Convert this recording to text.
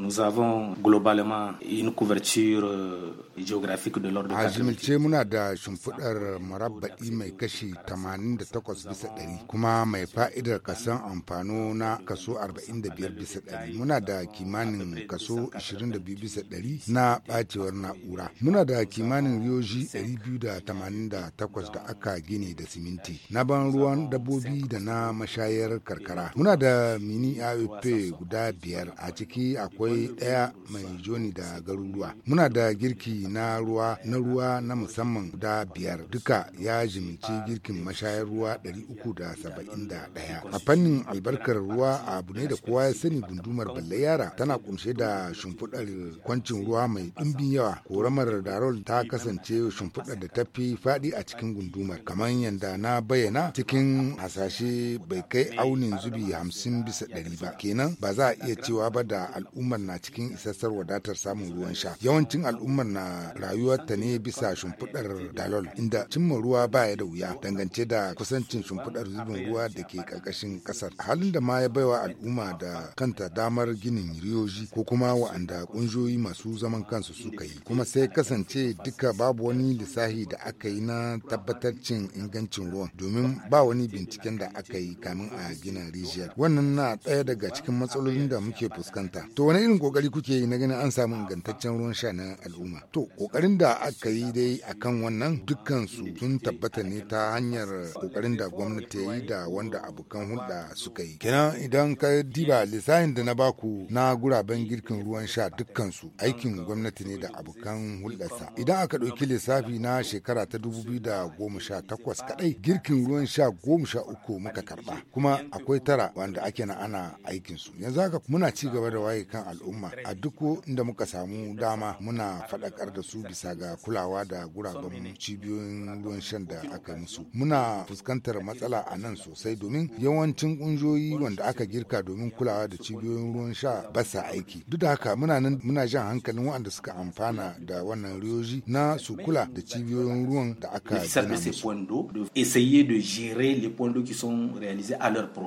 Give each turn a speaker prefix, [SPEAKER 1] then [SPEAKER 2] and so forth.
[SPEAKER 1] Nous avons globalement une couverture euh, géographique de l'ordre de A jimilce muna da shimfiɗar marabba'i mai kashi 88 bisa ɗari kuma mai fa'idar kasan amfano na kaso 45 bisa ɗari. Muna da kimanin kaso 22 bisa ɗari na ɓacewar na'ura. Muna da kimanin riyoji 288 da aka gine da siminti. Na ban ruwan dabbobi da na mashayar karkara. Muna da mini AOP guda biyar a ciki akwai akwai ɗaya mai joni da garuruwa muna da girki na ruwa na ruwa na musamman guda biyar duka ya jimici girkin mashayar ruwa 371 a fannin albarkar ruwa abu ne da kowa ya sani gundumar balle yara tana kumshe da shimfiɗar kwancin ruwa mai ɗimbin yawa koramar darol ta kasance shimfiɗar da ta fi faɗi a cikin gundumar kamar yadda na bayyana cikin hasashe bai kai aunin zubi hamsin bisa ɗari ba kenan ba za a iya cewa ba da al'ummar al'ummar na cikin isassar wadatar samun ruwan sha yawancin al'ummar na rayuwarta ne bisa shimfiɗar dalol inda cimma ruwa baya da wuya dangance da kusancin shimfiɗar zubin ruwa da ke ƙarƙashin ƙasar halin da ma ya baiwa al'umma da kanta damar ginin riyoji ko kuma wa'anda ƙungiyoyi masu zaman kansu suka yi kuma sai kasance duka babu wani lissahi da aka yi na tabbatar cin ingancin ruwan domin ba wani binciken da aka yi kamin a gina rijiyar wannan na ɗaya daga cikin matsalolin da muke fuskanta to wani wani irin kokari kuke yi na ganin an samu ingantaccen ruwan sha na al'umma to kokarin da aka yi dai akan wannan dukkan su sun tabbata ne ta hanyar kokarin da gwamnati ya yi da wanda abokan hulɗa suka yi kenan idan ka diba lissafin da na baku na guraben girkin ruwan sha dukkan su aikin gwamnati ne da abokan hulɗarsa idan aka ɗauki lissafi na shekara ta dubu biyu da goma sha takwas kaɗai girkin ruwan sha goma sha uku muka karɓa. kuma akwai tara wanda ake na ana aikinsu yanzu haka muna ci gaba da waye kan al'umma a duk inda muka samu dama muna fadakar da su bisa ga kulawa da guraben cibiyoyin ruwan shan da aka musu muna fuskantar matsala a nan sosai domin yawancin kungiyoyi wanda aka girka domin kulawa da cibiyoyin ruwan sha ba sa aiki duk da haka muna nan muna jan hankalin waɗanda suka amfana da wannan riyoji na su kula da cibiyoyin ruwan da aka gina musu.